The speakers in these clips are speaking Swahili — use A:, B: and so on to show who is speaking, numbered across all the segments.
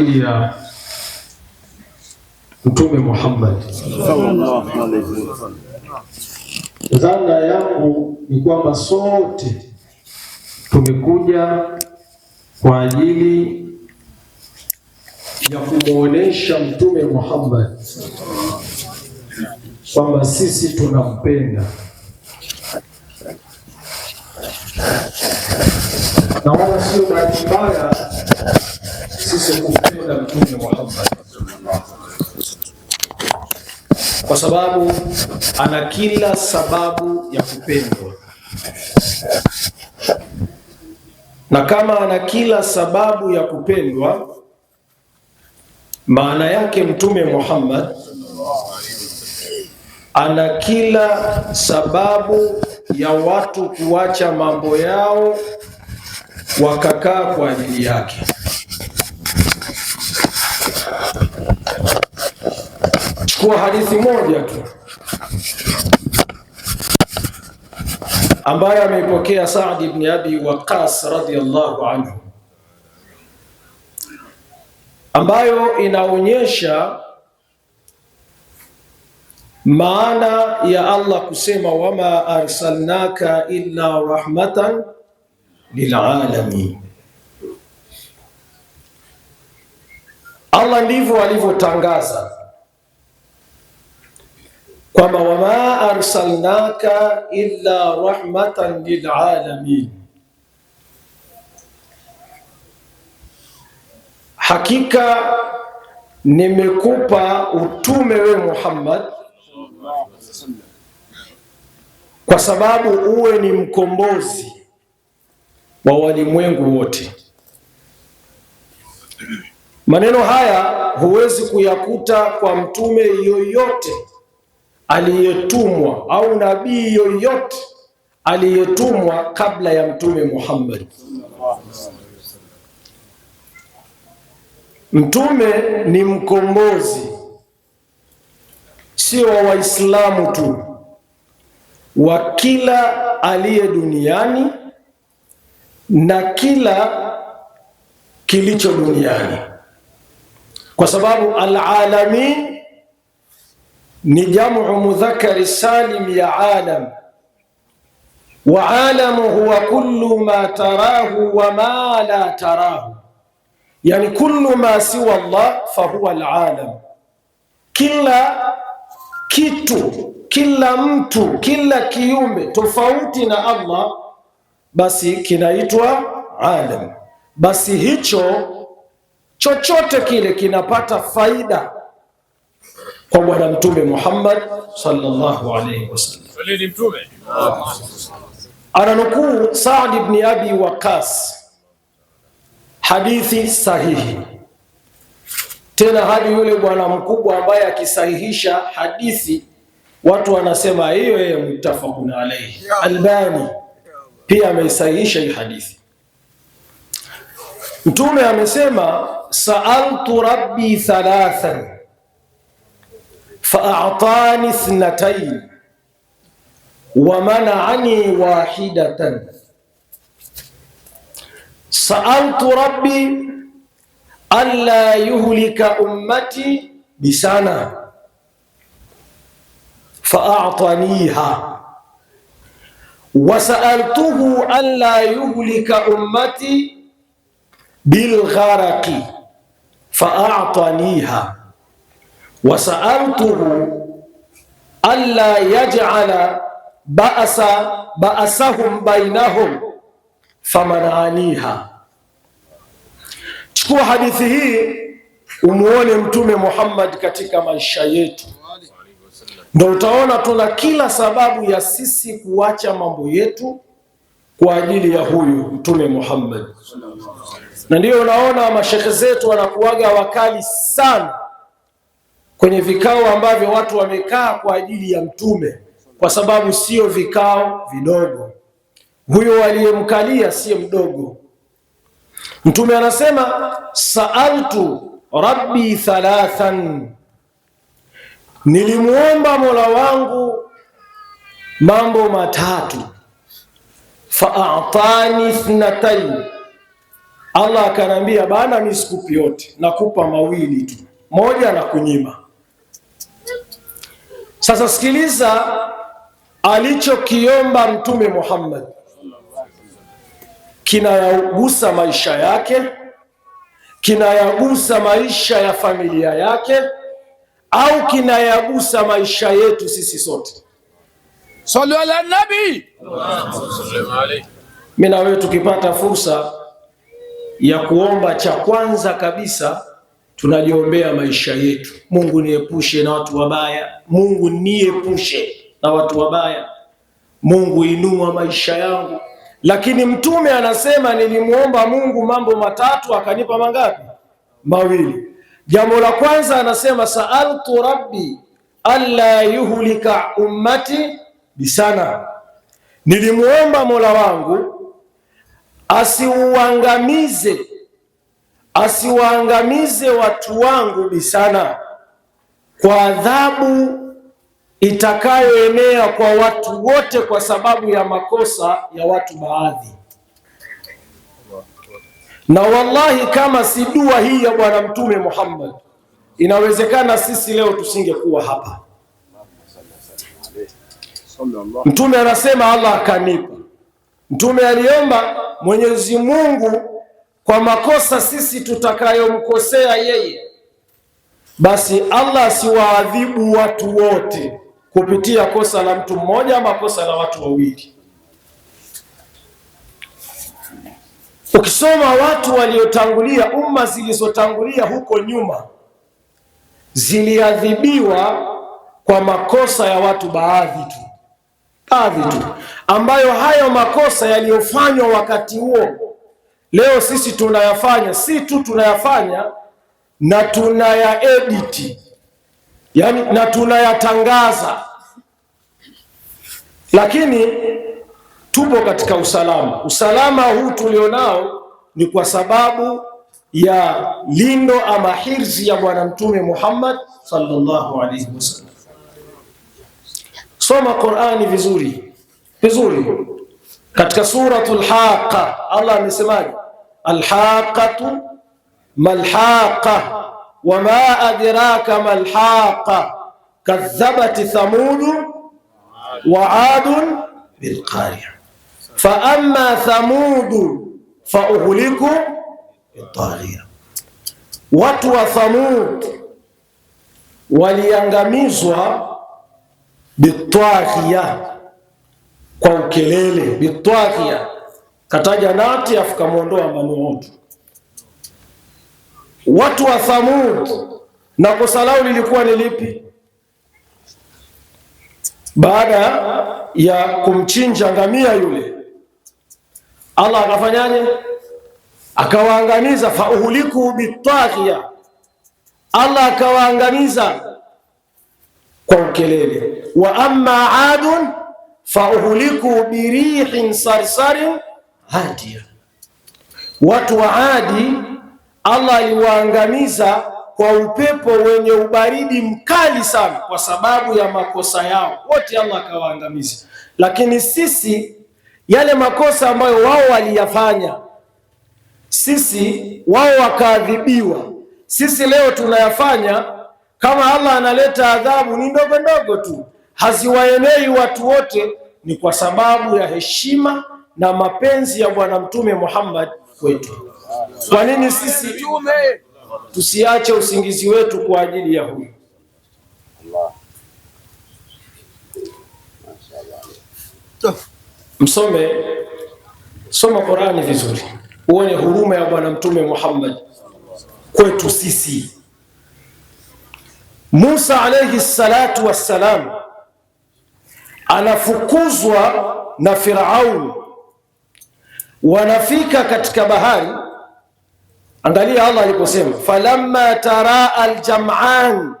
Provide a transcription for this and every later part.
A: ya Mtume Muhammad sallallahu alaihi wasallam. Dhana yangu ni kwamba sote tumekuja kwa ajili ya kumwonyesha Mtume Muhammad kwamba sisi tunampenda. Na wala sio bahati mbaya kumpenda Mtume Muhammad kwa sababu ana kila sababu ya kupendwa, na kama ana kila sababu ya kupendwa, maana yake Mtume Muhammad ana kila sababu ya watu kuacha mambo yao wakakaa kwa ajili yake. kwa hadithi moja tu ambayo ameipokea Saad ibn Abi Waqas radhiyallahu anhu, ambayo inaonyesha maana ya Allah kusema wama arsalnaka illa rahmatan lilalamin. Allah ndivyo alivyotangaza kwamba wama arsalnaka illa rahmatan lilalamin, hakika nimekupa utume we Muhammad kwa sababu uwe ni mkombozi wa walimwengu wote. Maneno haya huwezi kuyakuta kwa mtume yoyote aliyetumwa au nabii yoyote aliyetumwa kabla ya Mtume Muhammad. Mtume ni mkombozi, sio wa Waislamu tu, wa kila aliye duniani na kila kilicho duniani, kwa sababu alalamin ni jamu mudhakari salim ya alam wa alamu huwa kullu ma tarahu wa ma la tarahu, yani kullu ma siwa Allah fahuwa alalam, kila kitu, kila mtu, kila kiumbe tofauti na Allah basi kinaitwa alam. Basi hicho chochote kile kinapata faida kwa Bwana Mtume Muhammad sallallahu alaihi wasallam. Ananukuu Saad ibn Abi Waqas, hadithi sahihi tena, hadi yule bwana mkubwa ambaye akisahihisha hadithi watu wanasema hiyo yeye muttafaqun alayhi. Albani pia ameisahihisha hii hadithi. Mtume amesema saaltu rabbi thalathan فأعطاني اثنتين ومنعني واحدة سألت ربي ألا يهلك أمتي بسنة فأعطانيها وسألته ألا يهلك أمتي بالغرق فأعطانيها wasaaltuhu alla yaj'ala ba'asa ba'asahum bainahum famanaaniha. Chukua hadithi hii umuone Mtume Muhammad katika maisha yetu, ndio utaona tuna kila sababu ya sisi kuacha mambo yetu kwa ajili ya huyu Mtume Muhammad, na ndiyo unaona mashekhe zetu wanakuaga wakali sana kwenye vikao ambavyo watu wamekaa kwa ajili ya Mtume, kwa sababu sio vikao vidogo. Huyo aliyemkalia si mdogo. Mtume anasema saaltu rabbi thalathan, nilimwomba mola wangu mambo matatu. Faatani thnatain, Allah akanambia bana, mi sikupi yote, nakupa mawili tu, moja na kunyima sasa sikiliza alichokiomba Mtume Muhammad kinayagusa maisha yake, kinayagusa maisha ya familia yake, au kinayagusa maisha yetu sisi sote. Sallu ala nabi. Mimi na wewe tukipata fursa ya kuomba, cha kwanza kabisa tunajiombea maisha yetu. Mungu niepushe na watu wabaya, Mungu niepushe na watu wabaya, Mungu inua maisha yangu. Lakini mtume anasema nilimwomba Mungu mambo matatu akanipa mangapi? Mawili. Jambo la kwanza anasema saaltu rabbi alla yuhlika ummati bisana, nilimwomba mola wangu asiuangamize asiwaangamize watu wangu bisana kwa adhabu itakayoenea kwa watu wote kwa sababu ya makosa ya watu baadhi. Na wallahi kama si dua hii ya Bwana Mtume Muhammad, inawezekana sisi leo tusingekuwa hapa. Mtume anasema Allah akanipa. Mtume aliomba Mwenyezi Mungu kwa makosa sisi tutakayomkosea yeye, basi Allah asiwaadhibu watu wote kupitia kosa la mtu mmoja ama kosa la watu wawili. Ukisoma watu waliotangulia, umma zilizotangulia huko nyuma ziliadhibiwa kwa makosa ya watu baadhi tu, baadhi tu, ambayo hayo makosa yaliyofanywa wakati huo Leo sisi tunayafanya, si tu tunayafanya na tunayaediti, yani na tunayatangaza, lakini tupo katika usalama. Usalama huu tulionao ni kwa sababu ya lindo ama hirzi ya Bwana Mtume Muhammad sallallahu alaihi wasallam. Soma Qur'ani vizuri vizuri, katika suratul Haqa Allah amesemaje? الحاقة ما الحاقة وما أدراك ما الحاقة كذبت ثمود وعاد بالقارعة فأما ثمود فأهلكوا بالطاغية watu wa Thamud waliangamizwa bitwaghia kwa ukelele bitwaghia kataja Nati afu kamwondoa Manuotu. watu wa Thamud, na kosa lao lilikuwa ni lipi? Baada ya kumchinja ngamia yule, Allah akafanyaje? Akawaangamiza. fauhuliku bitaghia, Allah akawaangamiza kwa ukelele. wa amma adun fauhuliku birihin sarsarin ndiyo watu wa Adi Allah aliwaangamiza kwa upepo wenye ubaridi mkali sana, kwa sababu ya makosa yao wote, Allah akawaangamiza. Lakini sisi yale makosa ambayo wao waliyafanya, sisi wao wakaadhibiwa, sisi leo tunayafanya. Kama Allah analeta adhabu ni ndogo ndogo tu, haziwaenei watu wote, ni kwa sababu ya heshima na mapenzi ya Bwana Mtume Muhammad kwetu. Kwa nini sisi tusiache usingizi wetu kwa ajili ya huyu? Msome, soma Qurani vizuri uone huruma ya Bwana Mtume Muhammad kwetu sisi. Musa alayhi salatu wassalam anafukuzwa na Firauni wanafika katika bahari. Angalia Allah aliposema, falamma taraa aljam'an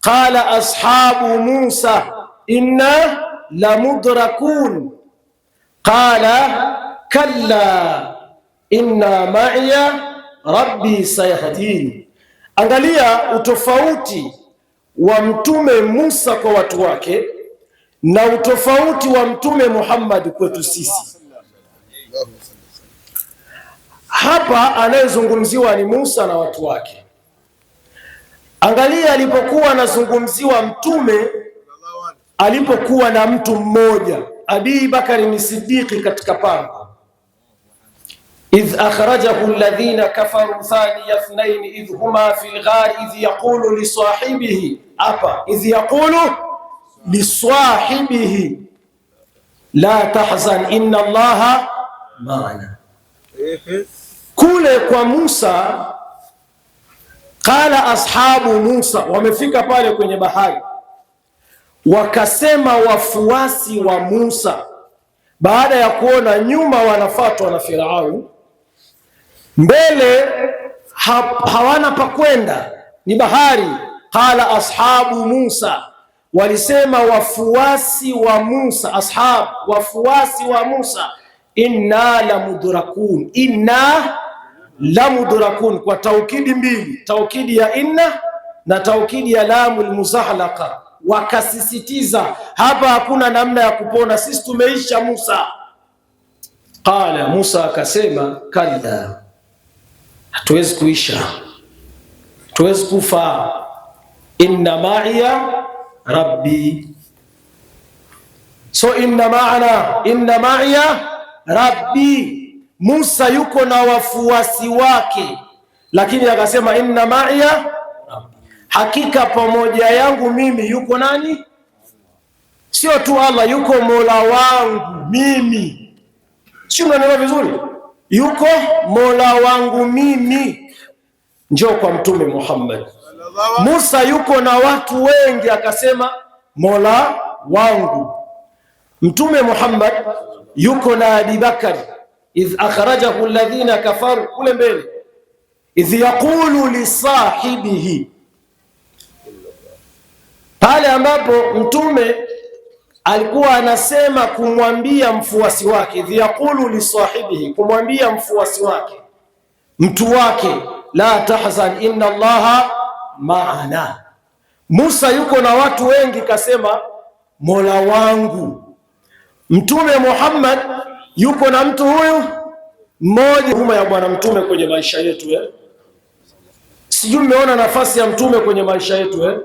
A: qala ashabu Musa inna lamudrakun qala kalla inna maiya rabbi sayahdini. Angalia utofauti wa mtume Musa kwa watu wake na utofauti wa mtume Muhammad kwetu sisi. Hapa anayezungumziwa ni Musa na watu wake. Angalia alipokuwa anazungumziwa mtume, alipokuwa na mtu mmoja Abii Bakari ni Siddiqi katika pango, idh akhrajahu alladhina kafaru thaniya ithnaini idh huma fil ghar idh yaqulu li sahibihi, hapa idh yaqulu li sahibihi la tahzan inna Allaha maana kule kwa Musa, qala ashabu Musa, wamefika pale kwenye bahari, wakasema wafuasi wa Musa baada ya kuona nyuma wanafatwa na Firaun, mbele ha hawana pa kwenda, ni bahari. Qala ashabu Musa, walisema wafuasi wa Musa, ashab, wafuasi wa Musa, inna la mudrakun, inna lamudrakun kwa taukidi mbili, taukidi ya inna na taukidi ya lamul muzahlaqa. Wakasisitiza hapa hakuna namna ya kupona, sisi tumeisha. Musa qala, Musa akasema kalla, hatuwezi kuisha, hatuwezi kufa, inna ma'iya rabbi. So inna ma'ana inna ma'iya rabbi Musa yuko na wafuasi wake, lakini akasema inna maiya, hakika pamoja yangu mimi yuko nani? Sio tu Allah, yuko mola wangu mimi. Sio, mnanielewa vizuri? Yuko mola wangu mimi. Njoo kwa Mtume Muhammad. Musa yuko na watu wengi, akasema mola wangu. Mtume Muhammad yuko na Abubakari idh akhrajahu alladhina kafaru, kule mbele, idh yaqulu lisahibihi, pale ambapo mtume alikuwa anasema kumwambia mfuasi wake, idh yaqulu lisahibihi, kumwambia mfuasi wake, mtu wake, la tahzan inna allaha maana. Musa yuko na watu wengi, kasema mola wangu. Mtume Muhammad Yuko na mtu huyu mmoja, huruma ya Bwana Mtume kwenye maisha yetu eh? Sijui mmeona nafasi ya Mtume kwenye maisha yetu eh?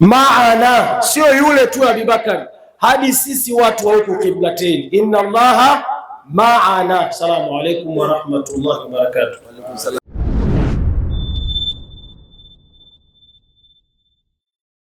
A: Maana sio yule tu abibakar hadi sisi watu wa huku Kiblateni, inna Allaha maana. Salamu alaykum wa rahmatullahi wa barakatuh.